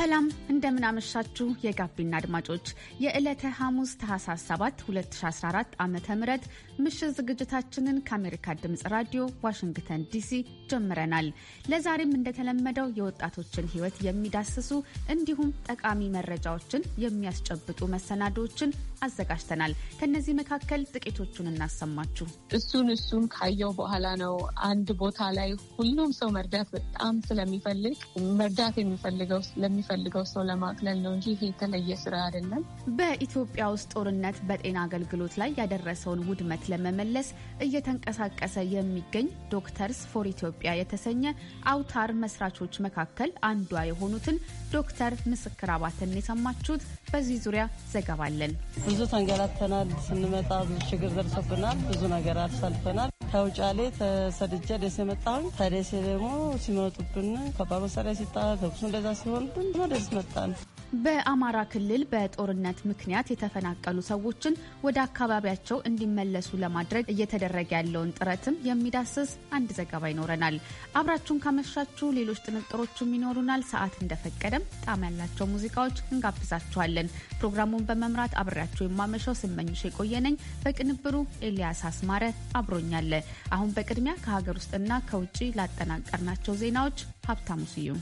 ሰላም እንደምናመሻችሁ የጋቢና አድማጮች የዕለተ ሐሙስ ታህሳስ 7 2014 ዓ ም ምሽት ዝግጅታችንን ከአሜሪካ ድምፅ ራዲዮ ዋሽንግተን ዲሲ ጀምረናል። ለዛሬም እንደተለመደው የወጣቶችን ሕይወት የሚዳስሱ እንዲሁም ጠቃሚ መረጃዎችን የሚያስጨብጡ መሰናዶዎችን አዘጋጅተናል። ከእነዚህ መካከል ጥቂቶቹን እናሰማችሁ። እሱን እሱን ካየው በኋላ ነው አንድ ቦታ ላይ ሁሉም ሰው መርዳት በጣም ስለሚፈልግ መርዳት የሚፈልገው ለሚፈልገው ሰው ለማቅለል ነው እንጂ ይሄ የተለየ ስራ አይደለም። በኢትዮጵያ ውስጥ ጦርነት በጤና አገልግሎት ላይ ያደረሰውን ውድመት ለመመለስ እየተንቀሳቀሰ የሚገኝ ዶክተርስ ፎር ኢትዮጵያ የተሰኘ አውታር መስራቾች መካከል አንዷ የሆኑትን ዶክተር ምስክር አባተን የሰማችሁት። በዚህ ዙሪያ ዘገባለን። ብዙ ተንገላተናል። ስንመጣ ብዙ ችግር ደርሶብናል። ብዙ ነገር አሳልፈናል። ከውጫሌ ተሰድጀ ደሴ መጣሁኝ። ከደሴ ደግሞ ሲመጡብን ከባድ መሳሪያ ሲጣ ተኩሱ እንደዛ ሲሆን ደስ መጣን። በአማራ ክልል በጦርነት ምክንያት የተፈናቀሉ ሰዎችን ወደ አካባቢያቸው እንዲመለሱ ለማድረግ እየተደረገ ያለውን ጥረትም የሚዳስስ አንድ ዘገባ ይኖረናል። አብራችሁን ካመሻችሁ ሌሎች ጥንቅሮችም ይኖሩናል። ሰዓት እንደፈቀደም ጣም ያላቸው ሙዚቃዎች እንጋብዛችኋለን። ፕሮግራሙን በመምራት አብሬያቸው የማመሻው ስመኝሽ የቆየነኝ፣ በቅንብሩ ኤልያስ አስማረ አብሮኛለ። አሁን በቅድሚያ ከሀገር ውስጥና ከውጭ ላጠናቀርናቸው ዜናዎች ሀብታሙ ስዩም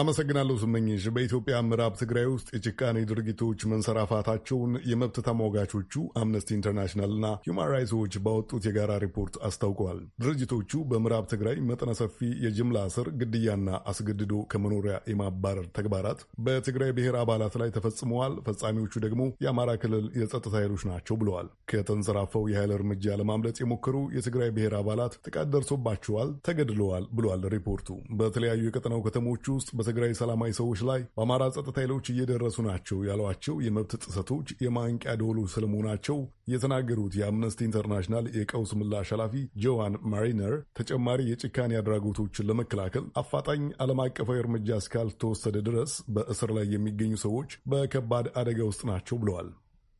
አመሰግናለሁ ስመኝሽ። በኢትዮጵያ ምዕራብ ትግራይ ውስጥ የጭካኔ ድርጊቶች መንሰራፋታቸውን የመብት ተሟጋቾቹ አምነስቲ ኢንተርናሽናልና ሁማን ራይትስ ዎች ባወጡት የጋራ ሪፖርት አስታውቀዋል። ድርጅቶቹ በምዕራብ ትግራይ መጠነ ሰፊ የጅምላ እስር፣ ግድያና አስገድዶ ከመኖሪያ የማባረር ተግባራት በትግራይ ብሔር አባላት ላይ ተፈጽመዋል፣ ፈጻሚዎቹ ደግሞ የአማራ ክልል የጸጥታ ኃይሎች ናቸው ብለዋል። ከተንሰራፈው የኃይል እርምጃ ለማምለጥ የሞከሩ የትግራይ ብሔር አባላት ጥቃት ደርሶባቸዋል፣ ተገድለዋል ብለዋል ሪፖርቱ በተለያዩ የቀጠናው ከተሞች ውስጥ በትግራይ ሰላማዊ ሰዎች ላይ በአማራ ጸጥታ ኃይሎች እየደረሱ ናቸው ያሏቸው የመብት ጥሰቶች የማንቂያ ደወሉ ስለመሆናቸው የተናገሩት የአምነስቲ ኢንተርናሽናል የቀውስ ምላሽ ኃላፊ ጆዋን ማሪነር ተጨማሪ የጭካኔ አድራጎቶችን ለመከላከል አፋጣኝ ዓለም አቀፋዊ እርምጃ እስካልተወሰደ ድረስ በእስር ላይ የሚገኙ ሰዎች በከባድ አደጋ ውስጥ ናቸው ብለዋል።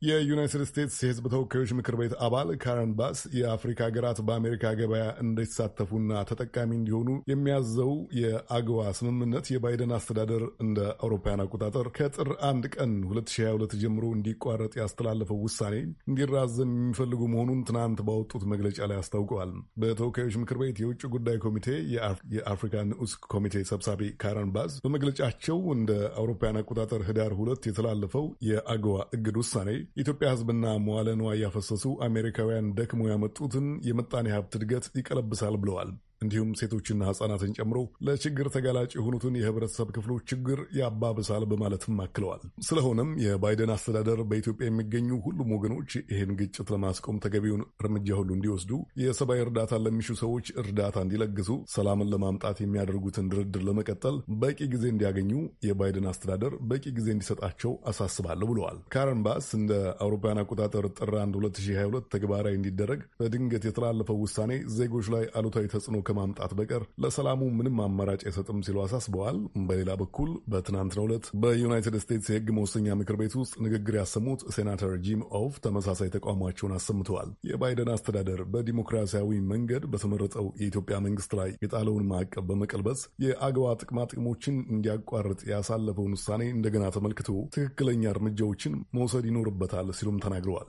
የዩናይትድ ስቴትስ የሕዝብ ተወካዮች ምክር ቤት አባል ካረን ባስ የአፍሪካ ሀገራት በአሜሪካ ገበያ እንዲሳተፉና ተጠቃሚ እንዲሆኑ የሚያዘው የአግዋ ስምምነት የባይደን አስተዳደር እንደ አውሮፓውያን አቆጣጠር ከጥር አንድ ቀን 2022 ጀምሮ እንዲቋረጥ ያስተላለፈው ውሳኔ እንዲራዘም የሚፈልጉ መሆኑን ትናንት ባወጡት መግለጫ ላይ አስታውቀዋል። በተወካዮች ምክር ቤት የውጭ ጉዳይ ኮሚቴ የአፍሪካ ንዑስ ኮሚቴ ሰብሳቢ ካረን ባስ በመግለጫቸው እንደ አውሮፓውያን አቆጣጠር ህዳር ሁለት የተላለፈው የአግዋ እግድ ውሳኔ የኢትዮጵያ ሕዝብና መዋለ ንዋይ ያፈሰሱ አሜሪካውያን ደክሞ ያመጡትን የምጣኔ ሀብት እድገት ይቀለብሳል ብለዋል። እንዲሁም ሴቶችና ህጻናትን ጨምሮ ለችግር ተጋላጭ የሆኑትን የህብረተሰብ ክፍሎች ችግር ያባብሳል በማለትም አክለዋል። ስለሆነም የባይደን አስተዳደር በኢትዮጵያ የሚገኙ ሁሉም ወገኖች ይህን ግጭት ለማስቆም ተገቢውን እርምጃ ሁሉ እንዲወስዱ፣ የሰብአዊ እርዳታ ለሚሹ ሰዎች እርዳታ እንዲለግሱ፣ ሰላምን ለማምጣት የሚያደርጉትን ድርድር ለመቀጠል በቂ ጊዜ እንዲያገኙ የባይደን አስተዳደር በቂ ጊዜ እንዲሰጣቸው አሳስባለሁ ብለዋል። ካረን ባስ እንደ አውሮፓውያን አቆጣጠር ጥር 1 2022 ተግባራዊ እንዲደረግ በድንገት የተላለፈው ውሳኔ ዜጎች ላይ አሉታዊ ተጽዕኖ ከማምጣት በቀር ለሰላሙ ምንም አማራጭ አይሰጥም ሲሉ አሳስበዋል። በሌላ በኩል በትናንትናው ዕለት በዩናይትድ ስቴትስ የሕግ መወሰኛ ምክር ቤት ውስጥ ንግግር ያሰሙት ሴናተር ጂም ኦፍ ተመሳሳይ ተቃውሟቸውን አሰምተዋል። የባይደን አስተዳደር በዲሞክራሲያዊ መንገድ በተመረጠው የኢትዮጵያ መንግስት ላይ የጣለውን ማዕቀብ በመቀልበስ የአገዋ ጥቅማ ጥቅሞችን እንዲያቋርጥ ያሳለፈውን ውሳኔ እንደገና ተመልክቶ ትክክለኛ እርምጃዎችን መውሰድ ይኖርበታል ሲሉም ተናግረዋል።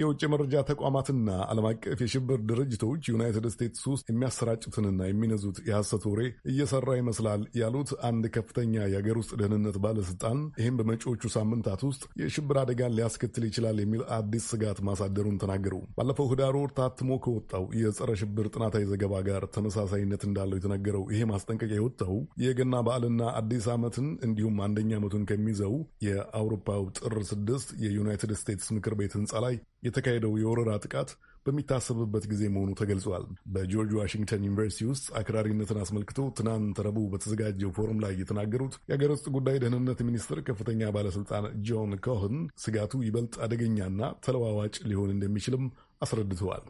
የውጭ መረጃ ተቋማትና ዓለም አቀፍ የሽብር ድርጅቶች ዩናይትድ ስቴትስ ውስጥ የሚያሰራጩትንና የሚነዙት የሐሰት ወሬ እየሰራ ይመስላል ያሉት አንድ ከፍተኛ የአገር ውስጥ ደህንነት ባለስልጣን ይህም በመጪዎቹ ሳምንታት ውስጥ የሽብር አደጋን ሊያስከትል ይችላል የሚል አዲስ ስጋት ማሳደሩን ተናገሩ። ባለፈው ህዳር ወር ታትሞ ከወጣው የጸረ ሽብር ጥናታዊ ዘገባ ጋር ተመሳሳይነት እንዳለው የተነገረው ይሄ ማስጠንቀቂያ የወጣው የገና በዓልና አዲስ ዓመትን እንዲሁም አንደኛ ዓመቱን ከሚይዘው የአውሮፓው ጥር ስድስት የዩናይትድ ስቴትስ ምክር ቤት ህንፃ ላይ የተካሄደው የወረራ ጥቃት በሚታሰብበት ጊዜ መሆኑ ተገልጿል። በጆርጅ ዋሽንግተን ዩኒቨርሲቲ ውስጥ አክራሪነትን አስመልክቶ ትናንት ረቡዕ በተዘጋጀው ፎረም ላይ የተናገሩት የአገር ውስጥ ጉዳይ ደህንነት ሚኒስትር ከፍተኛ ባለስልጣን ጆን ኮህን ስጋቱ ይበልጥ አደገኛና ተለዋዋጭ ሊሆን እንደሚችልም አስረድተዋል።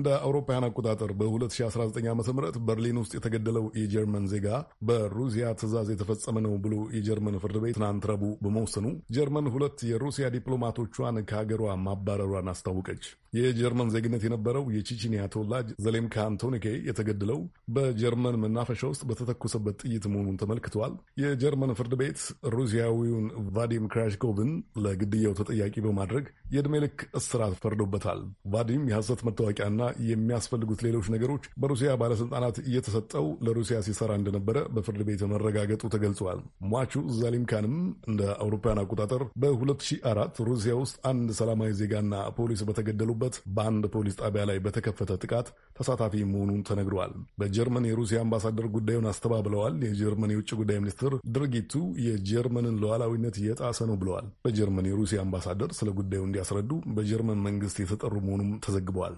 እንደ አውሮፓውያን አቆጣጠር በ2019 ዓ ም በርሊን ውስጥ የተገደለው የጀርመን ዜጋ በሩሲያ ትዕዛዝ የተፈጸመ ነው ብሎ የጀርመን ፍርድ ቤት ትናንት ረቡዕ በመወሰኑ ጀርመን ሁለት የሩሲያ ዲፕሎማቶቿን ከሀገሯ ማባረሯን አስታወቀች። የጀርመን ዜግነት የነበረው የቺቺኒያ ተወላጅ ዘሌምካ አንቶኒኬ የተገደለው በጀርመን መናፈሻ ውስጥ በተተኮሰበት ጥይት መሆኑን ተመልክተዋል። የጀርመን ፍርድ ቤት ሩሲያዊውን ቫዲም ክራሽኮቭን ለግድያው ተጠያቂ በማድረግ የዕድሜ ልክ እስራት ፈርዶበታል። ቫዲም የሐሰት መታወቂያና የሚያስፈልጉት ሌሎች ነገሮች በሩሲያ ባለስልጣናት እየተሰጠው ለሩሲያ ሲሰራ እንደነበረ በፍርድ ቤት መረጋገጡ ተገልጿል። ሟቹ ዛሊምካንም እንደ አውሮፓውያን አቆጣጠር በ2004 ሩሲያ ውስጥ አንድ ሰላማዊ ዜጋና ፖሊስ በተገደሉበት በአንድ ፖሊስ ጣቢያ ላይ በተከፈተ ጥቃት ተሳታፊ መሆኑን ተነግረዋል። በጀርመን የሩሲያ አምባሳደር ጉዳዩን አስተባብለዋል። የጀርመን የውጭ ጉዳይ ሚኒስትር ድርጊቱ የጀርመንን ሉዓላዊነት የጣሰ ነው ብለዋል። በጀርመን የሩሲያ አምባሳደር ስለ ጉዳዩ እንዲያስረዱ በጀርመን መንግስት የተጠሩ መሆኑም ተዘግበዋል።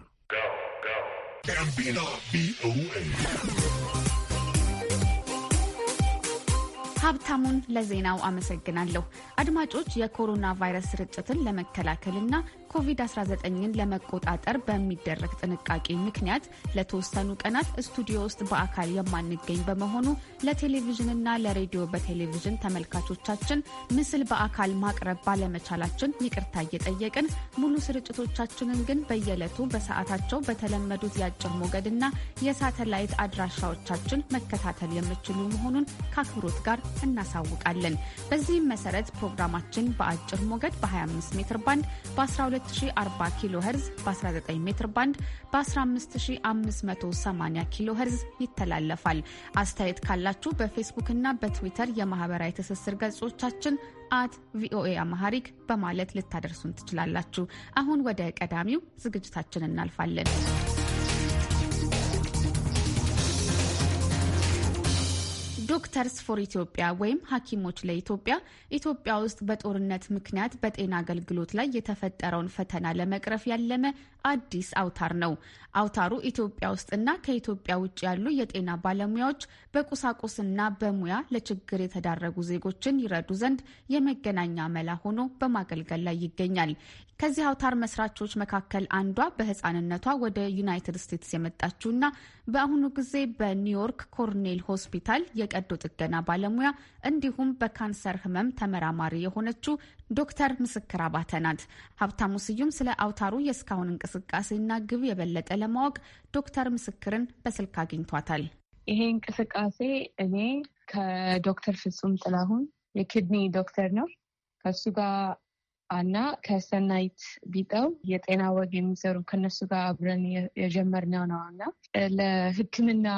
ሀብታሙን ለዜናው አመሰግናለሁ። አድማጮች የኮሮና ቫይረስ ስርጭትን ለመከላከልና ኮቪድ-19ን ለመቆጣጠር በሚደረግ ጥንቃቄ ምክንያት ለተወሰኑ ቀናት ስቱዲዮ ውስጥ በአካል የማንገኝ በመሆኑ ለቴሌቪዥንና ለሬዲዮ በቴሌቪዥን ተመልካቾቻችን ምስል በአካል ማቅረብ ባለመቻላችን ይቅርታ እየጠየቅን ሙሉ ስርጭቶቻችንን ግን በየዕለቱ በሰዓታቸው በተለመዱት የአጭር ሞገድና የሳተላይት አድራሻዎቻችን መከታተል የምችሉ መሆኑን ከአክብሮት ጋር እናሳውቃለን። በዚህም መሰረት ፕሮግራማችን በአጭር ሞገድ በ25 ሜትር ባንድ በ12 በ ኪሎ ሄርዝ በ19 ሜትር ባንድ በ15580 ኪሎ ሄርዝ ይተላለፋል። አስተያየት ካላችሁ በፌስቡክ እና በትዊተር የማህበራዊ ትስስር ገጾቻችን አት ቪኦኤ አማሃሪክ በማለት ልታደርሱን ትችላላችሁ። አሁን ወደ ቀዳሚው ዝግጅታችን እናልፋለን። ዶክተርስ ፎር ኢትዮጵያ ወይም ሐኪሞች ለኢትዮጵያ ኢትዮጵያ ውስጥ በጦርነት ምክንያት በጤና አገልግሎት ላይ የተፈጠረውን ፈተና ለመቅረፍ ያለመ አዲስ አውታር ነው። አውታሩ ኢትዮጵያ ውስጥና ከኢትዮጵያ ውጭ ያሉ የጤና ባለሙያዎች በቁሳቁስና በሙያ ለችግር የተዳረጉ ዜጎችን ይረዱ ዘንድ የመገናኛ መላ ሆኖ በማገልገል ላይ ይገኛል። ከዚህ አውታር መስራቾች መካከል አንዷ በህፃንነቷ ወደ ዩናይትድ ስቴትስ የመጣችውና በአሁኑ ጊዜ በኒውዮርክ ኮርኔል ሆስፒታል የቀዶ ጥገና ባለሙያ እንዲሁም በካንሰር ህመም ተመራማሪ የሆነችው ዶክተር ምስክር አባተ ናት። ሀብታሙ ስዩም ስለ አውታሩ የእስካሁን እንቅስቃሴና ግብ የበለጠ ለማወቅ ዶክተር ምስክርን በስልክ አግኝቷታል። ይሄ እንቅስቃሴ እኔ ከዶክተር ፍጹም ጥላሁን የኪድኒ ዶክተር ነው ከእሱ ጋር እና ከሰናይት ቢጠው የጤና ወግ የሚሰሩ ከነሱ ጋር አብረን የጀመርነው ነው እና ለሕክምና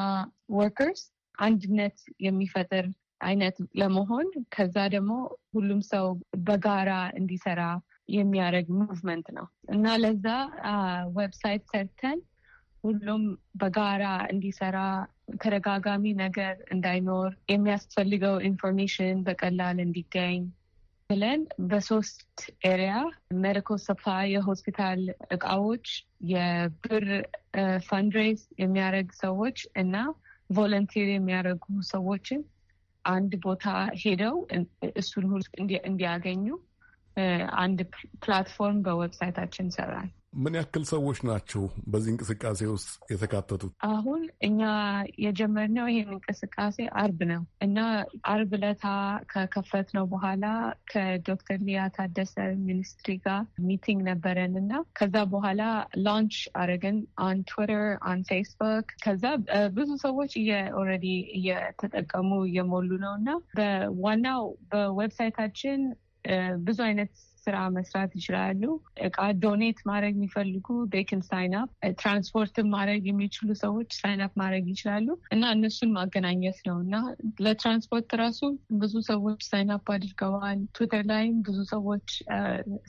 ወርከርስ አንድነት የሚፈጥር አይነት ለመሆን ከዛ ደግሞ ሁሉም ሰው በጋራ እንዲሰራ የሚያደርግ ሙቭመንት ነው እና ለዛ ዌብሳይት ሰርተን ሁሉም በጋራ እንዲሰራ ተደጋጋሚ ነገር እንዳይኖር የሚያስፈልገው ኢንፎርሜሽን በቀላል እንዲገኝ ብለን በሶስት ኤሪያ ሜዲካል ሰፕላይ፣ የሆስፒታል እቃዎች፣ የብር ፈንድሬዝ የሚያደርግ ሰዎች እና ቮለንቲር የሚያደርጉ ሰዎችን አንድ ቦታ ሄደው እሱን ሁሉ እንዲያገኙ አንድ ፕላትፎርም በዌብሳይታችን ሰራል። ምን ያክል ሰዎች ናቸው በዚህ እንቅስቃሴ ውስጥ የተካተቱት? አሁን እኛ የጀመርነው ይህን እንቅስቃሴ አርብ ነው እና አርብ ለታ ከከፈት ነው በኋላ ከዶክተር ሊያ ታደሰ ሚኒስትሪ ጋር ሚቲንግ ነበረን እና ከዛ በኋላ ላንች አረግን አን ትዊተር አን ፌስቡክ። ከዛ ብዙ ሰዎች ኦልሬዲ እየተጠቀሙ እየሞሉ ነው እና በዋናው በዌብሳይታችን ብዙ አይነት ስራ መስራት ይችላሉ። እቃ ዶኔት ማድረግ የሚፈልጉ ቤክን ሳይንፕ ትራንስፖርትን ማድረግ የሚችሉ ሰዎች ሳይናፕ ማድረግ ይችላሉ እና እነሱን ማገናኘት ነው እና ለትራንስፖርት ራሱ ብዙ ሰዎች ሳይናፕ አድርገዋል። ትዊተር ላይም ብዙ ሰዎች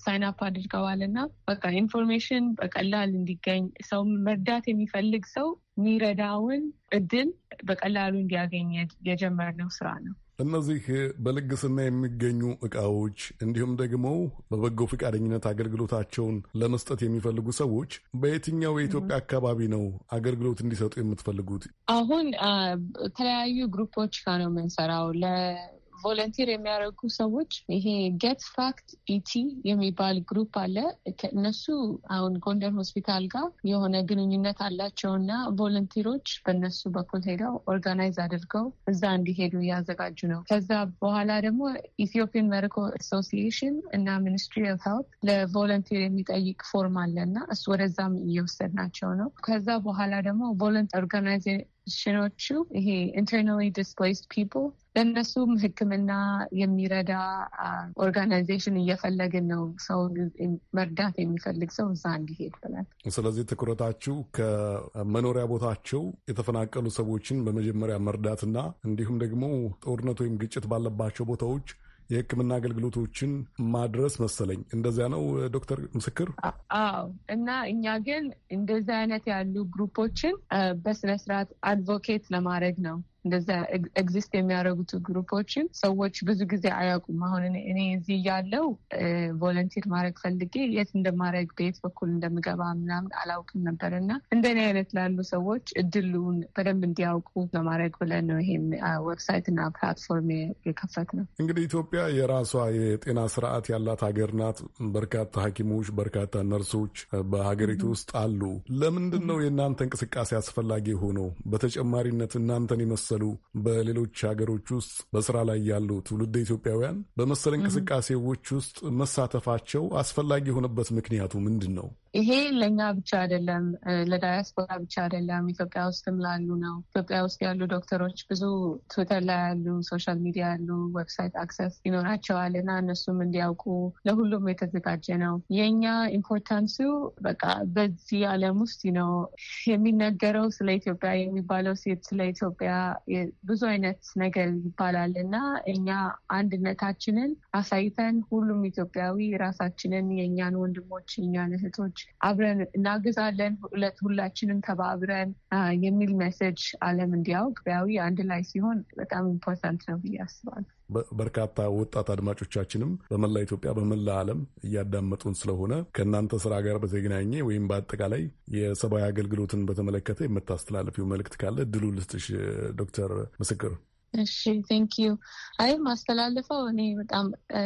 ሳይናፕ አድርገዋል እና በቃ ኢንፎርሜሽን በቀላል እንዲገኝ ሰው መርዳት የሚፈልግ ሰው የሚረዳውን እድል በቀላሉ እንዲያገኝ የጀመርነው ስራ ነው። እነዚህ በልግስና የሚገኙ ዕቃዎች እንዲሁም ደግሞ በበጎ ፈቃደኝነት አገልግሎታቸውን ለመስጠት የሚፈልጉ ሰዎች በየትኛው የኢትዮጵያ አካባቢ ነው አገልግሎት እንዲሰጡ የምትፈልጉት? አሁን ከተለያዩ ግሩፖች ጋር ነው የምንሰራው። ቮለንቲር የሚያደርጉ ሰዎች ይሄ ጌት ፋክት ኢቲ የሚባል ግሩፕ አለ። ከእነሱ አሁን ጎንደር ሆስፒታል ጋር የሆነ ግንኙነት አላቸው እና ቮለንቲሮች በእነሱ በኩል ሄደው ኦርጋናይዝ አድርገው እዛ እንዲሄዱ እያዘጋጁ ነው። ከዛ በኋላ ደግሞ ኢትዮጵያን መሪኮ አሶሲዬሽን እና ሚኒስትሪ ኦፍ ሄልት ለቮለንቲር የሚጠይቅ ፎርም አለ እና እሱ ወደዛም እየወሰድ ናቸው ነው። ከዛ በኋላ ደግሞ ቮለንቲር ኦርጋናይዝ ሽኖቹ ይሄ ኢንተርናሊ ዲስፕሌይስድ ፒፕል ለእነሱም ሕክምና የሚረዳ ኦርጋናይዜሽን እየፈለግን ነው። ሰው መርዳት የሚፈልግ ሰው እዛ እንዲሄድ ብለን። ስለዚህ ትኩረታችሁ ከመኖሪያ ቦታቸው የተፈናቀሉ ሰዎችን በመጀመሪያ መርዳትና እንዲሁም ደግሞ ጦርነት ወይም ግጭት ባለባቸው ቦታዎች የህክምና አገልግሎቶችን ማድረስ መሰለኝ። እንደዚያ ነው ዶክተር ምስክር? አዎ። እና እኛ ግን እንደዚህ አይነት ያሉ ግሩፖችን በስነስርዓት አድቮኬት ለማድረግ ነው እንደዚ ኤግዚስት የሚያደርጉት ግሩፖችን ሰዎች ብዙ ጊዜ አያውቁም። አሁን እኔ እዚህ እያለው ቮለንቲር ማድረግ ፈልጌ የት እንደማድረግ ቤት በኩል እንደምገባ ምናምን አላውቅም ነበር እና እንደኔ አይነት ላሉ ሰዎች እድሉን በደንብ እንዲያውቁ ለማድረግ ብለን ነው ዌብሳይት ዌብሳይትና ፕላትፎርም የከፈት ነው። እንግዲህ ኢትዮጵያ የራሷ የጤና ስርዓት ያላት ሀገር ናት። በርካታ ሐኪሞች በርካታ ነርሶች በሀገሪቱ ውስጥ አሉ። ለምንድን ነው የእናንተ እንቅስቃሴ አስፈላጊ ሆኖ በተጨማሪነት እናንተን የመሰ የመሰሉ በሌሎች ሀገሮች ውስጥ በስራ ላይ ያሉ ትውልድ ኢትዮጵያውያን በመሰል እንቅስቃሴዎች ውስጥ መሳተፋቸው አስፈላጊ የሆነበት ምክንያቱ ምንድን ነው? ይሄ ለእኛ ብቻ አይደለም፣ ለዳያስፖራ ብቻ አይደለም፣ ኢትዮጵያ ውስጥም ላሉ ነው። ኢትዮጵያ ውስጥ ያሉ ዶክተሮች ብዙ ትዊተር ላይ ያሉ፣ ሶሻል ሚዲያ ያሉ፣ ዌብሳይት አክሰስ ይኖራቸዋል እና እነሱም እንዲያውቁ ለሁሉም የተዘጋጀ ነው። የእኛ ኢምፖርታንሱ በቃ በዚህ ዓለም ውስጥ ነው የሚነገረው ስለ ኢትዮጵያ የሚባለው ሴት ስለ ኢትዮጵያ ብዙ አይነት ነገር ይባላል እና እኛ አንድነታችንን አሳይተን ሁሉም ኢትዮጵያዊ ራሳችንን የእኛን ወንድሞች የእኛን እህቶች አብረን እናግዛለን፣ ሁለት ሁላችንም ተባብረን የሚል መሰጅ ዓለም እንዲያውቅ ቢያዊ አንድ ላይ ሲሆን በጣም ኢምፖርታንት ነው ብዬ አስባለሁ። በርካታ ወጣት አድማጮቻችንም በመላ ኢትዮጵያ በመላ ዓለም እያዳመጡን ስለሆነ ከእናንተ ስራ ጋር በተገናኘ ወይም በአጠቃላይ የሰብአዊ አገልግሎትን በተመለከተ የምታስተላለፊው መልእክት ካለ ድሉ ልስጥሽ ዶክተር ምስክር። እሺ ቴንክ ዩ። አይ ማስተላለፈው እኔ በጣም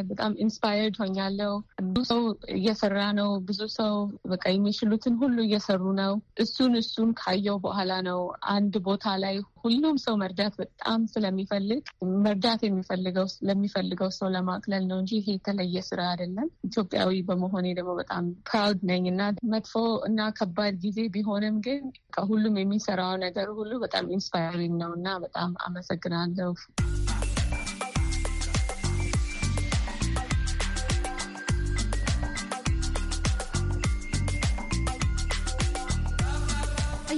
በጣም ኢንስፓየርድ ሆኛለሁ። ብዙ ሰው እየሰራ ነው። ብዙ ሰው በቃ የሚችሉትን ሁሉ እየሰሩ ነው። እሱን እሱን ካየው በኋላ ነው አንድ ቦታ ላይ ሁሉም ሰው መርዳት በጣም ስለሚፈልግ መርዳት የሚፈልገው ለሚፈልገው ሰው ለማቅለል ነው እንጂ ይሄ የተለየ ስራ አይደለም። ኢትዮጵያዊ በመሆኔ ደግሞ በጣም ፕራውድ ነኝ እና መጥፎ እና ከባድ ጊዜ ቢሆንም ግን ከሁሉም የሚሰራው ነገር ሁሉ በጣም ኢንስፓይሪንግ ነው እና በጣም አመሰግናለሁ።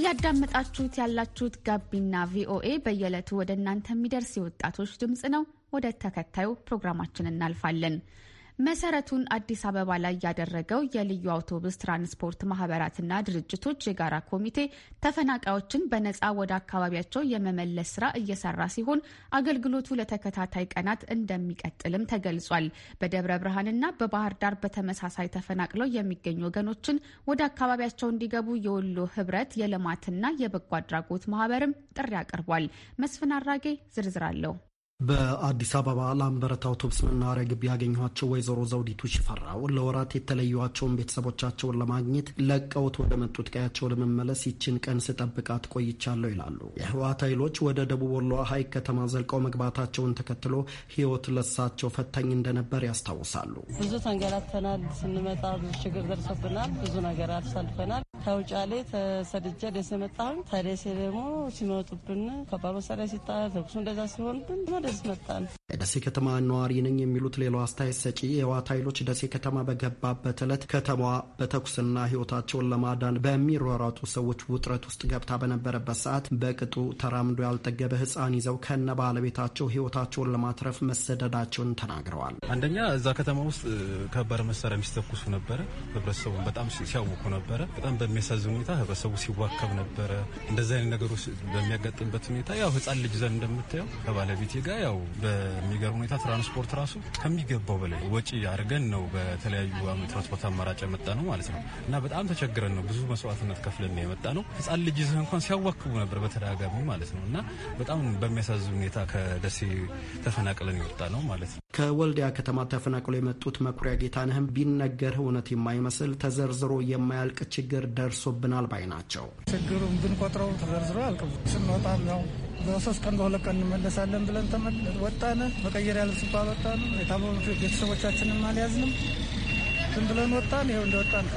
እያዳመጣችሁት ያላችሁት ጋቢና ቪኦኤ በየዕለቱ ወደ እናንተ የሚደርስ የወጣቶች ድምፅ ነው። ወደ ተከታዩ ፕሮግራማችን እናልፋለን። መሰረቱን አዲስ አበባ ላይ ያደረገው የልዩ አውቶቡስ ትራንስፖርት ማህበራትና ድርጅቶች የጋራ ኮሚቴ ተፈናቃዮችን በነፃ ወደ አካባቢያቸው የመመለስ ስራ እየሰራ ሲሆን አገልግሎቱ ለተከታታይ ቀናት እንደሚቀጥልም ተገልጿል። በደብረ ብርሃንና በባህር ዳር በተመሳሳይ ተፈናቅለው የሚገኙ ወገኖችን ወደ አካባቢያቸው እንዲገቡ የወሎ ህብረት የልማትና የበጎ አድራጎት ማህበርም ጥሪ አቅርቧል። መስፍን አራጌ ዝርዝር አለው። በአዲስ አበባ ላምበረት አውቶብስ መናኸሪያ ግቢ ያገኘኋቸው ወይዘሮ ዘውዲቱ ሽፈራው ለወራት የተለዩዋቸውን ቤተሰቦቻቸውን ለማግኘት ለቀውት ወደ መጡት ቀያቸው ለመመለስ ይችን ቀን ስጠብቃት ቆይቻለሁ ይላሉ። የህወሓት ኃይሎች ወደ ደቡብ ወሎ ሀይቅ ከተማ ዘልቀው መግባታቸውን ተከትሎ ህይወት ለሳቸው ፈታኝ እንደነበር ያስታውሳሉ። ብዙ ተንገላተናል። ስንመጣ ብዙ ችግር ደርሶብናል። ብዙ ነገር አሳልፈናል። ከውጫሌ ተሰድጀ ደሴ መጣሁ። ተደሴ ደግሞ ሲመጡብን ከባድ መሳሪያ ሲጣ ተኩሱ እንደዛ ሲሆንብን ያስመጣል። ደሴ ከተማ ነዋሪ ነኝ የሚሉት ሌላው አስተያየት ሰጪ የህወሓት ኃይሎች ደሴ ከተማ በገባበት ዕለት ከተማዋ በተኩስና ህይወታቸውን ለማዳን በሚሯሯጡ ሰዎች ውጥረት ውስጥ ገብታ በነበረበት ሰዓት በቅጡ ተራምዶ ያልጠገበ ህፃን ይዘው ከነ ባለቤታቸው ህይወታቸውን ለማትረፍ መሰደዳቸውን ተናግረዋል። አንደኛ እዛ ከተማ ውስጥ ከባድ መሳሪያ የሚስተኩሱ ነበረ። ህብረተሰቡን በጣም ሲያውቁ ነበረ። በጣም በሚያሳዝን ሁኔታ ህብረተሰቡ ሲዋከብ ነበረ። እንደዚህ አይነት ነገሮች በሚያጋጥምበት ሁኔታ ያው ህፃን ልጅ ዘን እንደምታየው ከባለቤቴ ጋር ያው በሚገርም ሁኔታ ትራንስፖርት ራሱ ከሚገባው በላይ ወጪ አድርገን ነው በተለያዩ ትራንስፖርት አማራጭ የመጣ ነው ማለት ነው እና በጣም ተቸግረን ነው ብዙ መስዋዕትነት ከፍለን የመጣ ነው። ህጻን ልጅ ይዘህ እንኳን ሲያዋክቡ ነበር በተደጋጋሚ ማለት ነው እና በጣም በሚያሳዝን ሁኔታ ከደሴ ተፈናቅለን የወጣ ነው ማለት ነው። ከወልዲያ ከተማ ተፈናቅሎ የመጡት መኩሪያ ጌታነህም ቢነገር እውነት የማይመስል ተዘርዝሮ የማያልቅ ችግር ደርሶብናል ባይ ናቸው። ችግሩ ብንቆጥረው ተዘርዝሮ አልቅም ስንወጣ ነው በሶስት ቀን በሁለት ቀን እንመለሳለን ብለን ወጣነ። መቀየር ያለ እንኳ ወጣነ የታመሙ ቤተሰቦቻችንም አልያዝንም። ዝም ብለን ወጣን። ይኸው እንደወጣን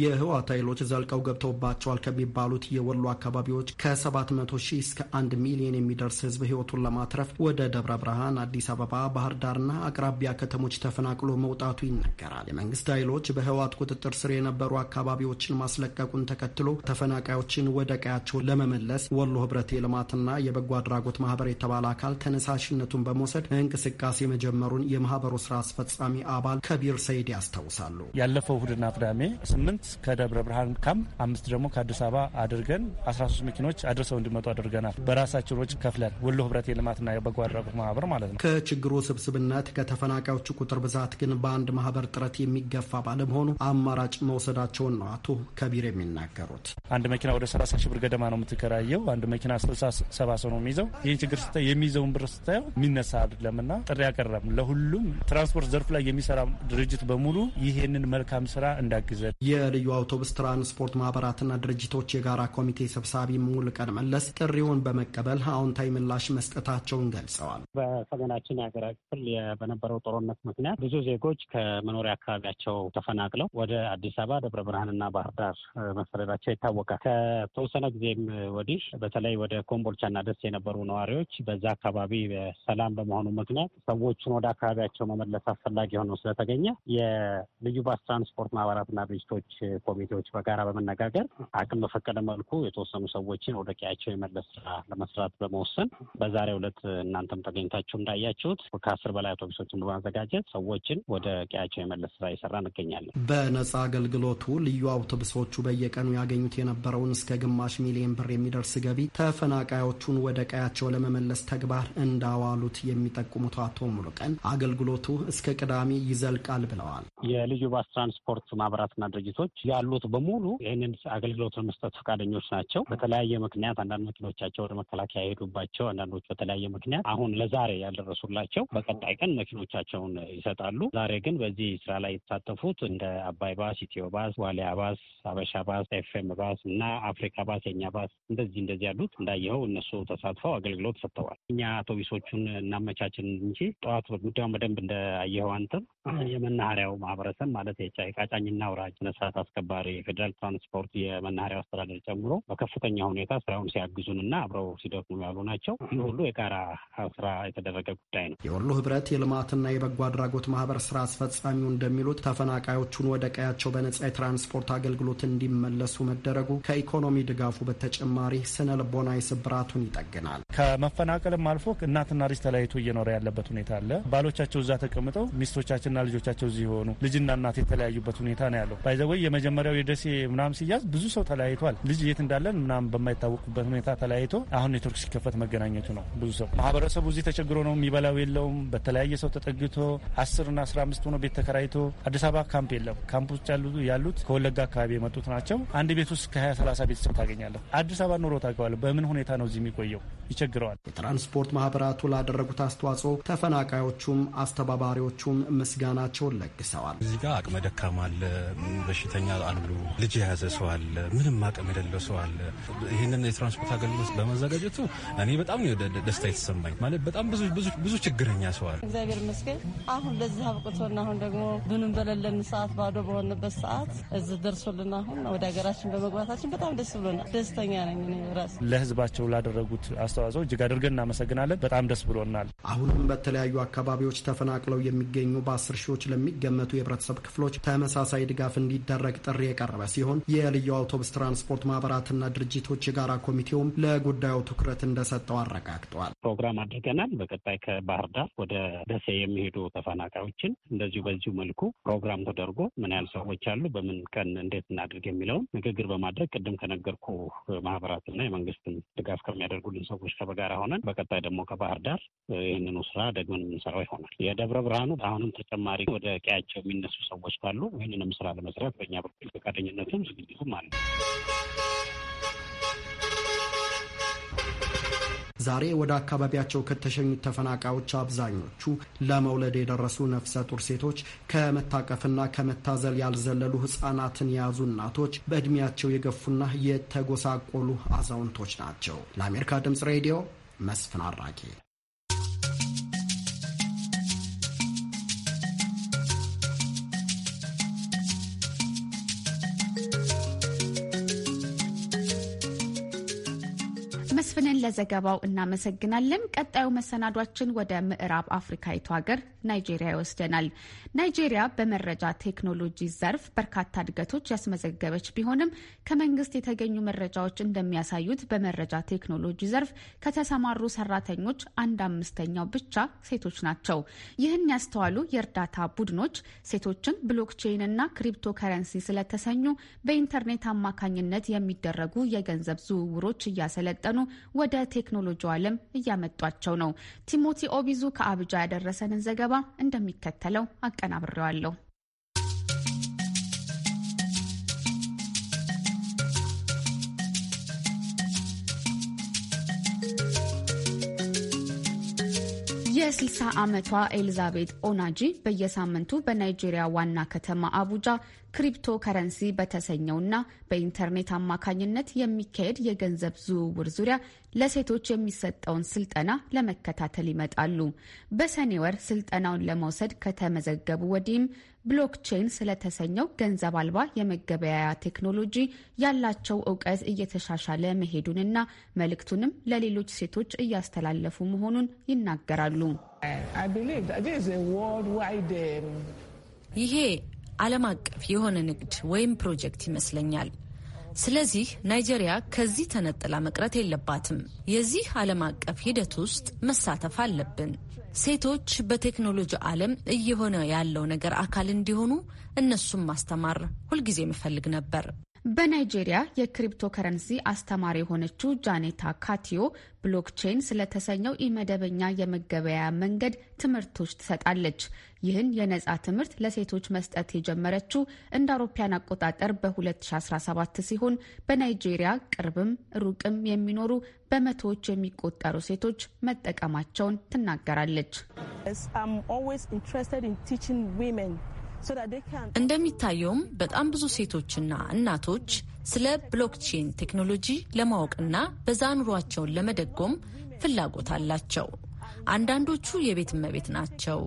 የህወሓት ኃይሎች ዘልቀው ገብተውባቸዋል ከሚባሉት የወሎ አካባቢዎች ከ700 ሺህ እስከ 1 ሚሊዮን የሚደርስ ህዝብ ህይወቱን ለማትረፍ ወደ ደብረ ብርሃን፣ አዲስ አበባ፣ ባህር ዳርና አቅራቢያ ከተሞች ተፈናቅሎ መውጣቱ ይነገራል። የመንግስት ኃይሎች በህወሓት ቁጥጥር ስር የነበሩ አካባቢዎችን ማስለቀቁን ተከትሎ ተፈናቃዮችን ወደ ቀያቸው ለመመለስ ወሎ ህብረት የልማትና የበጎ አድራጎት ማህበር የተባለ አካል ተነሳሽነቱን በመውሰድ እንቅስቃሴ መጀመሩን የማህበሩ ስራ አስፈጻሚ አባል ከቢር ሰይድ ያስታውሳል። ይሰራሉ። ያለፈው እሁድና ቅዳሜ ስምንት ከደብረ ብርሃን ካምፕ፣ አምስት ደግሞ ከአዲስ አበባ አድርገን 13 መኪኖች አድርሰው እንዲመጡ አድርገናል። በራሳችን ወጪ ከፍለን ወሎ ህብረት የልማትና የበጎ አድራጎት ማህበር ማለት ነው። ከችግሩ ስብስብነት ከተፈናቃዮቹ ቁጥር ብዛት ግን በአንድ ማህበር ጥረት የሚገፋ ባለመሆኑ አማራጭ መውሰዳቸውን ነው አቶ ከቢር የሚናገሩት። አንድ መኪና ወደ 30 ሺህ ብር ገደማ ነው የምትከራየው። አንድ መኪና ስልሳ ሰው ነው የሚይዘው። ይህን ችግር ስታየው የሚይዘውን ብር ስታየው የሚነሳ አይደለምና ጥሪ ያቀረም ለሁሉም ትራንስፖርት ዘርፍ ላይ የሚሰራ ድርጅት በሙሉ ይሄ ይህንን መልካም ስራ እንዳግዘን። የልዩ አውቶቡስ ትራንስፖርት ማህበራትና ድርጅቶች የጋራ ኮሚቴ ሰብሳቢ ሙሉቀን መለስ ጥሪውን በመቀበል አዎንታዊ ምላሽ መስጠታቸውን ገልጸዋል። በሰሜናችን የሀገር ክፍል በነበረው ጦርነት ምክንያት ብዙ ዜጎች ከመኖሪያ አካባቢያቸው ተፈናቅለው ወደ አዲስ አበባ፣ ደብረ ብርሃንና ባህር ዳር መሰደዳቸው ይታወቃል። ከተወሰነ ጊዜም ወዲህ በተለይ ወደ ኮምቦልቻና ደሴ የነበሩ ነዋሪዎች በዛ አካባቢ ሰላም በመሆኑ ምክንያት ሰዎቹን ወደ አካባቢያቸው መመለስ አስፈላጊ ሆነው ስለተገኘ የልዩ የተለያዩ ባስ ትራንስፖርት ማህበራትና ድርጅቶች ኮሚቴዎች በጋራ በመነጋገር አቅም በፈቀደ መልኩ የተወሰኑ ሰዎችን ወደ ቀያቸው የመለስ ስራ ለመስራት በመወሰን በዛሬው ዕለት እናንተም ተገኝታችሁ እንዳያችሁት ከአስር በላይ አውቶቡሶችን በማዘጋጀት ሰዎችን ወደ ቀያቸው የመለስ ስራ እየሰራ እንገኛለን። በነጻ አገልግሎቱ ልዩ አውቶቡሶቹ በየቀኑ ያገኙት የነበረውን እስከ ግማሽ ሚሊዮን ብር የሚደርስ ገቢ ተፈናቃዮቹን ወደ ቀያቸው ለመመለስ ተግባር እንዳዋሉት የሚጠቁሙት አቶ ሙሉቀን አገልግሎቱ እስከ ቅዳሜ ይዘልቃል ብለዋል። የልዩ ባስ ትራንስፖርት ማህበራትና ድርጅቶች ያሉት በሙሉ ይህንን አገልግሎት ለመስጠት ፈቃደኞች ናቸው። በተለያየ ምክንያት አንዳንድ መኪኖቻቸው ወደ መከላከያ የሄዱባቸው፣ አንዳንዶች በተለያየ ምክንያት አሁን ለዛሬ ያልደረሱላቸው በቀጣይ ቀን መኪኖቻቸውን ይሰጣሉ። ዛሬ ግን በዚህ ስራ ላይ የተሳተፉት እንደ አባይ ባስ፣ ኢትዮ ባስ፣ ዋሊያ ባስ፣ አበሻ ባስ፣ ኤፍኤም ባስ እና አፍሪካ ባስ፣ የኛ ባስ እንደዚህ እንደዚህ ያሉት እንዳየኸው እነሱ ተሳትፈው አገልግሎት ሰጥተዋል። እኛ አውቶቡሶቹን እናመቻችን እንጂ ጠዋት ጉዳዩን በደንብ አየኸው አንተም የመናኸሪያው ማህበረሰብ ማለት የጫይቃ ጫኝና አውራጅ ነሳት አስከባሪ የፌዴራል ትራንስፖርት የመናሪያ አስተዳደር ጨምሮ በከፍተኛ ሁኔታ ስራውን ሲያግዙን እና አብረው ሲደክሙ ያሉ ናቸው። ይህ ሁሉ የጋራ ስራ የተደረገ ጉዳይ ነው። የወሎ ህብረት የልማትና የበጎ አድራጎት ማህበር ስራ አስፈጻሚው እንደሚሉት ተፈናቃዮቹን ወደ ቀያቸው በነጻ የትራንስፖርት አገልግሎት እንዲመለሱ መደረጉ ከኢኮኖሚ ድጋፉ በተጨማሪ ስነ ልቦና ስብራቱን ይጠግናል። ከመፈናቀልም አልፎ እናትና ልጅ ተለያይቶ እየኖረ ያለበት ሁኔታ አለ። ባሎቻቸው እዛ ተቀምጠው ሚስቶቻችንና ልጆቻቸው እዚህ የሆኑ ልጅና እናት የተለያዩበት ሁኔታ ነው ያለው። ባይዘወይ የመጀመሪያው የደሴ ምናምን ሲያዝ ብዙ ሰው ተለያይቷል። ልጅ የት እንዳለን ምናምን በማይታወቁበት ሁኔታ ተለያይቶ አሁን ኔትወርክ ሲከፈት መገናኘቱ ነው። ብዙ ሰው ማህበረሰቡ እዚህ ተቸግሮ ነው የሚበላው የለውም። በተለያየ ሰው ተጠግቶ አስር እና አስራ አምስት ሆኖ ቤት ተከራይቶ አዲስ አበባ ካምፕ የለም። ካምፕ ውስጥ ያሉት ከወለጋ አካባቢ የመጡት ናቸው። አንድ ቤት ውስጥ ከሀያ ሰላሳ ቤተሰብ ታገኛለሁ። አዲስ አበባ ኑሮ ታገዋለሁ በምን ሁኔታ ነው እዚህ የሚቆየው? ይቸግረዋል። የትራንስፖርት ማህበራቱ ላደረጉት አስተዋጽኦ ተፈናቃዮቹም አስተባባሪዎቹም ምስጋናቸውን ለግሰዋል። ጋር አቅመ ደካማ አለ፣ በሽተኛ አሉ፣ ልጅ የያዘ ሰው አለ፣ ምንም አቅም የሌለው ሰው አለ። ይህንን የትራንስፖርት አገልግሎት በመዘጋጀቱ እኔ በጣም ደስታ የተሰማኝ ማለት በጣም ብዙ ችግረኛ ሰው አለ። እግዚአብሔር ይመስገን አሁን ለዚህ አብቅቶና አሁን ደግሞ ምንም በሌለን ሰዓት ባዶ በሆንበት ሰዓት እዚህ ደርሶልን አሁን ወደ ሀገራችን በመግባታችን በጣም ደስ ብሎና ደስተኛ ነኝ ራስ ለህዝባቸው ላደረጉት አስተዋጽኦ እጅግ አድርገን እናመሰግናለን። በጣም ደስ ብሎናል። አሁንም በተለያዩ አካባቢዎች ተፈናቅለው የሚገኙ በአስር ሺዎች ለሚገመቱ የህብረተሰብ የህብረተሰብ ክፍሎች ተመሳሳይ ድጋፍ እንዲደረግ ጥሪ የቀረበ ሲሆን የልዩ አውቶቡስ ትራንስፖርት ማህበራትና ድርጅቶች የጋራ ኮሚቴውም ለጉዳዩ ትኩረት እንደሰጠው አረጋግጠዋል ፕሮግራም አድርገናል። በቀጣይ ከባህር ዳር ወደ ደሴ የሚሄዱ ተፈናቃዮችን እንደዚሁ በዚሁ መልኩ ፕሮግራም ተደርጎ ምን ያህል ሰዎች አሉ፣ በምን ቀን እንዴት እናድርግ የሚለውን ንግግር በማድረግ ቅድም ከነገርኩ ማህበራትና የመንግስትን ድጋፍ ከሚያደርጉልን ሰዎች ከበጋራ ሆነን በቀጣይ ደግሞ ከባህር ዳር ይህንኑ ስራ ደግመን የምንሰራው ይሆናል። የደብረ ብርሃኑ አሁንም ተጨማሪ ወደ ቀያቸው የሚነሱ ሰዎች ካሉ ይህንንም ስራ ለመስራት በእኛ በኩል ፈቃደኝነትም ዝግጅቱም አለ። ዛሬ ወደ አካባቢያቸው ከተሸኙት ተፈናቃዮች አብዛኞቹ ለመውለድ የደረሱ ነፍሰ ጡር ሴቶች፣ ከመታቀፍና ከመታዘል ያልዘለሉ ህጻናትን የያዙ እናቶች፣ በእድሜያቸው የገፉና የተጎሳቆሉ አዛውንቶች ናቸው። ለአሜሪካ ድምጽ ሬዲዮ መስፍን አራጌ ለዘገባው እናመሰግናለን። ቀጣዩ መሰናዷችን ወደ ምዕራብ አፍሪካዊቱ ሀገር ናይጄሪያ ይወስደናል። ናይጄሪያ በመረጃ ቴክኖሎጂ ዘርፍ በርካታ እድገቶች ያስመዘገበች ቢሆንም ከመንግስት የተገኙ መረጃዎች እንደሚያሳዩት በመረጃ ቴክኖሎጂ ዘርፍ ከተሰማሩ ሰራተኞች አንድ አምስተኛው ብቻ ሴቶች ናቸው። ይህን ያስተዋሉ የእርዳታ ቡድኖች ሴቶችን ብሎክቼይን እና ክሪፕቶ ከረንሲ ስለተሰኙ በኢንተርኔት አማካኝነት የሚደረጉ የገንዘብ ዝውውሮች እያሰለጠኑ ወደ ወደ ቴክኖሎጂው ዓለም እያመጧቸው ነው። ቲሞቲ ኦቢዙ ከአብጃ ያደረሰንን ዘገባ እንደሚከተለው አቀናብሬዋለሁ። የ60 ዓመቷ ኤልዛቤት ኦናጂ በየሳምንቱ በናይጄሪያ ዋና ከተማ አቡጃ ክሪፕቶ ከረንሲ በተሰኘውና በኢንተርኔት አማካኝነት የሚካሄድ የገንዘብ ዝውውር ዙሪያ ለሴቶች የሚሰጠውን ስልጠና ለመከታተል ይመጣሉ። በሰኔ ወር ስልጠናውን ለመውሰድ ከተመዘገቡ ወዲህም ብሎክቼን ስለተሰኘው ገንዘብ አልባ የመገበያያ ቴክኖሎጂ ያላቸው እውቀት እየተሻሻለ መሄዱንና መልእክቱንም ለሌሎች ሴቶች እያስተላለፉ መሆኑን ይናገራሉ። um, ይሄ ዓለም አቀፍ የሆነ ንግድ ወይም ፕሮጀክት ይመስለኛል። ስለዚህ ናይጄሪያ ከዚህ ተነጥላ መቅረት የለባትም። የዚህ ዓለም አቀፍ ሂደት ውስጥ መሳተፍ አለብን። ሴቶች በቴክኖሎጂ ዓለም እየሆነ ያለው ነገር አካል እንዲሆኑ እነሱን ማስተማር ሁልጊዜ የምፈልግ ነበር። በናይጄሪያ የክሪፕቶ ከረንሲ አስተማሪ የሆነችው ጃኔታ ካቲዮ ብሎክቼን ስለተሰኘው ኢመደበኛ የመገበያያ መንገድ ትምህርቶች ትሰጣለች። ይህን የነጻ ትምህርት ለሴቶች መስጠት የጀመረችው እንደ አውሮፓያን አቆጣጠር በ2017 ሲሆን በናይጄሪያ ቅርብም ሩቅም የሚኖሩ በመቶዎች የሚቆጠሩ ሴቶች መጠቀማቸውን ትናገራለች። እንደሚታየውም በጣም ብዙ ሴቶችና እናቶች ስለ ብሎክቼን ቴክኖሎጂ ለማወቅና በዛ ኑሯቸውን ለመደጎም ፍላጎት አላቸው። አንዳንዶቹ የቤት እመቤት ናቸው፣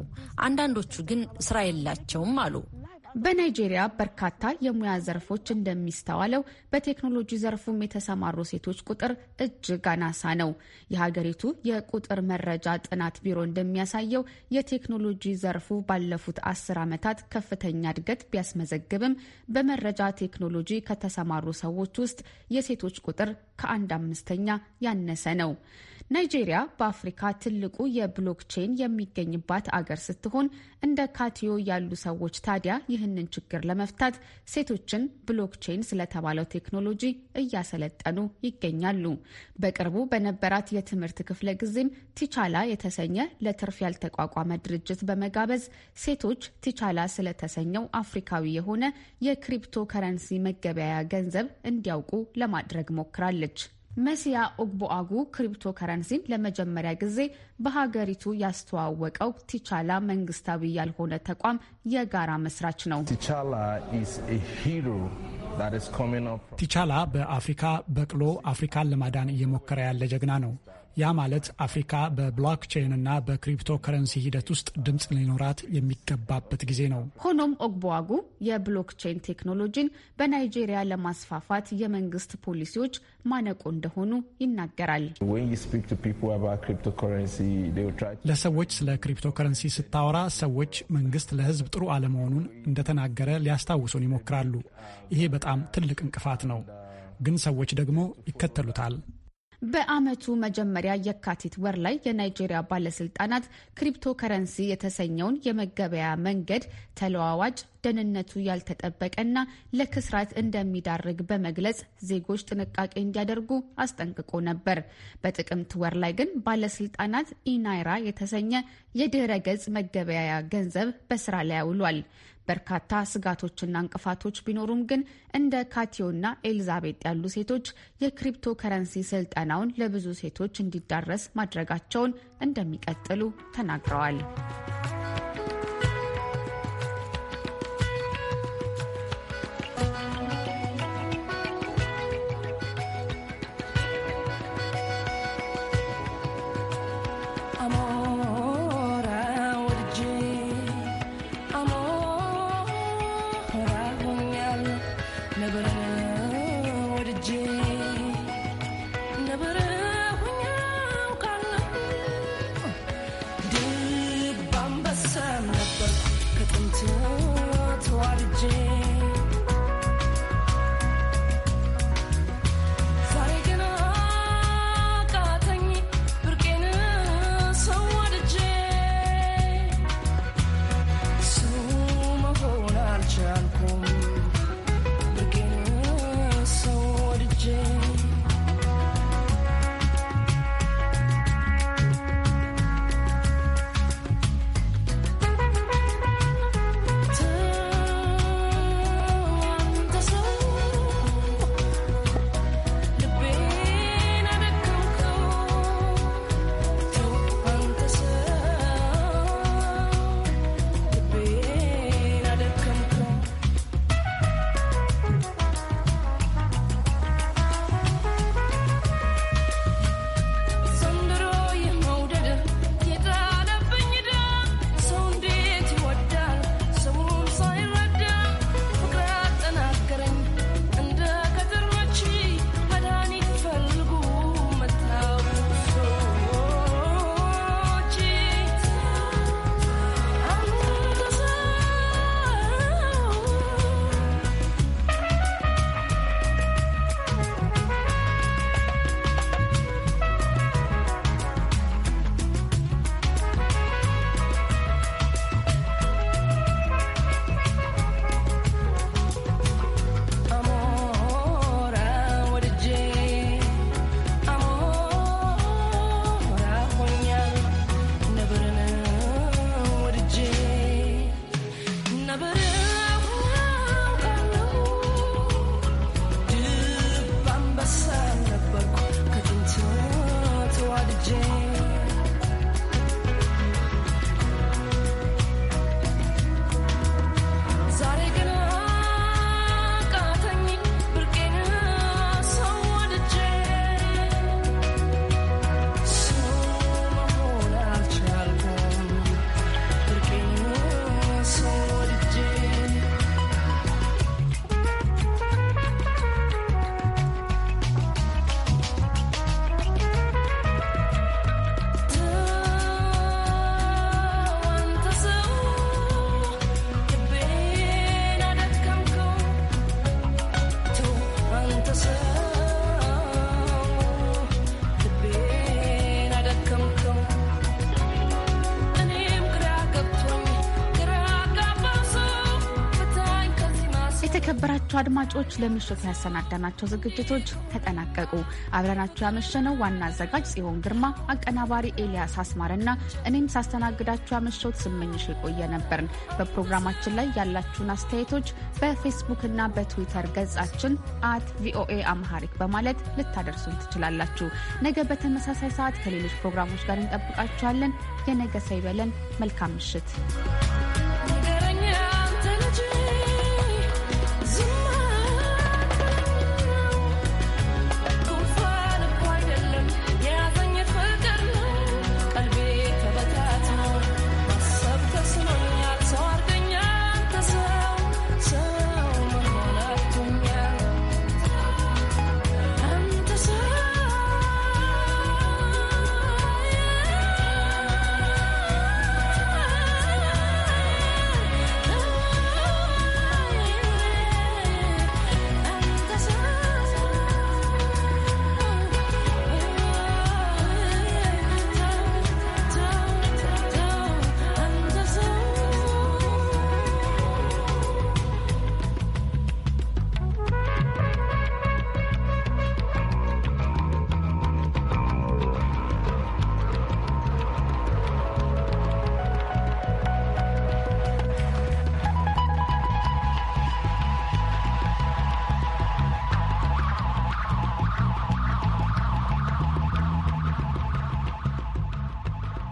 አንዳንዶቹ ግን ስራ የላቸውም አሉ። በናይጄሪያ በርካታ የሙያ ዘርፎች እንደሚስተዋለው በቴክኖሎጂ ዘርፉም የተሰማሩ ሴቶች ቁጥር እጅግ አናሳ ነው። የሀገሪቱ የቁጥር መረጃ ጥናት ቢሮ እንደሚያሳየው የቴክኖሎጂ ዘርፉ ባለፉት አስር ዓመታት ከፍተኛ እድገት ቢያስመዘግብም በመረጃ ቴክኖሎጂ ከተሰማሩ ሰዎች ውስጥ የሴቶች ቁጥር ከአንድ አምስተኛ ያነሰ ነው። ናይጄሪያ በአፍሪካ ትልቁ የብሎክቼን የሚገኝባት አገር ስትሆን እንደ ካቲዮ ያሉ ሰዎች ታዲያ ይህንን ችግር ለመፍታት ሴቶችን ብሎክቼን ስለተባለው ቴክኖሎጂ እያሰለጠኑ ይገኛሉ። በቅርቡ በነበራት የትምህርት ክፍለ ጊዜም ቲቻላ የተሰኘ ለትርፍ ያልተቋቋመ ድርጅት በመጋበዝ ሴቶች ቲቻላ ስለተሰኘው አፍሪካዊ የሆነ የክሪፕቶ ከረንሲ መገበያያ ገንዘብ እንዲያውቁ ለማድረግ ሞክራለች። መሲያ ኦግቦአጉ ክሪፕቶ ከረንሲን ለመጀመሪያ ጊዜ በሀገሪቱ ያስተዋወቀው ቲቻላ መንግስታዊ ያልሆነ ተቋም የጋራ መስራች ነው። ቲቻላ በአፍሪካ በቅሎ አፍሪካን ለማዳን እየሞከረ ያለ ጀግና ነው። ያ ማለት አፍሪካ በብሎክቼን እና በክሪፕቶ ከረንሲ ሂደት ውስጥ ድምፅ ሊኖራት የሚገባበት ጊዜ ነው። ሆኖም ኦግቦዋጉ የብሎክቼን ቴክኖሎጂን በናይጄሪያ ለማስፋፋት የመንግስት ፖሊሲዎች ማነቆ እንደሆኑ ይናገራል። ለሰዎች ስለ ክሪፕቶ ከረንሲ ስታወራ ሰዎች መንግስት ለህዝብ ጥሩ አለመሆኑን እንደተናገረ ሊያስታውሱን ይሞክራሉ። ይሄ በጣም ትልቅ እንቅፋት ነው። ግን ሰዎች ደግሞ ይከተሉታል። በአመቱ መጀመሪያ የካቲት ወር ላይ የናይጄሪያ ባለስልጣናት ክሪፕቶ ከረንሲ የተሰኘውን የመገበያ መንገድ ተለዋዋጭ ደህንነቱ ያልተጠበቀና ለክስራት እንደሚዳርግ በመግለጽ ዜጎች ጥንቃቄ እንዲያደርጉ አስጠንቅቆ ነበር። በጥቅምት ወር ላይ ግን ባለስልጣናት ኢናይራ የተሰኘ የድህረ ገጽ መገበያያ ገንዘብ በስራ ላይ አውሏል። በርካታ ስጋቶችና እንቅፋቶች ቢኖሩም ግን እንደ ካቲዮና ኤልዛቤጥ ያሉ ሴቶች የክሪፕቶ ከረንሲ ስልጠናውን ለብዙ ሴቶች እንዲዳረስ ማድረጋቸውን እንደሚቀጥሉ ተናግረዋል። የተከበራቸው አድማጮች ለምሽቱ ያሰናዳናቸው ዝግጅቶች ተጠናቀቁ። አብረናቸው ያመሸነው ዋና አዘጋጅ ጽዮን ግርማ፣ አቀናባሪ ኤልያስ አስማርና እኔም ሳስተናግዳችሁ ያመሸሁት ስመኝሽ የቆየ ነበርን። በፕሮግራማችን ላይ ያላችሁን አስተያየቶች በፌስቡክና በትዊተር ገጻችን አት ቪኦኤ አምሃሪክ በማለት ልታደርሱን ትችላላችሁ። ነገ በተመሳሳይ ሰዓት ከሌሎች ፕሮግራሞች ጋር እንጠብቃችኋለን። የነገ ሰይበለን። መልካም ምሽት።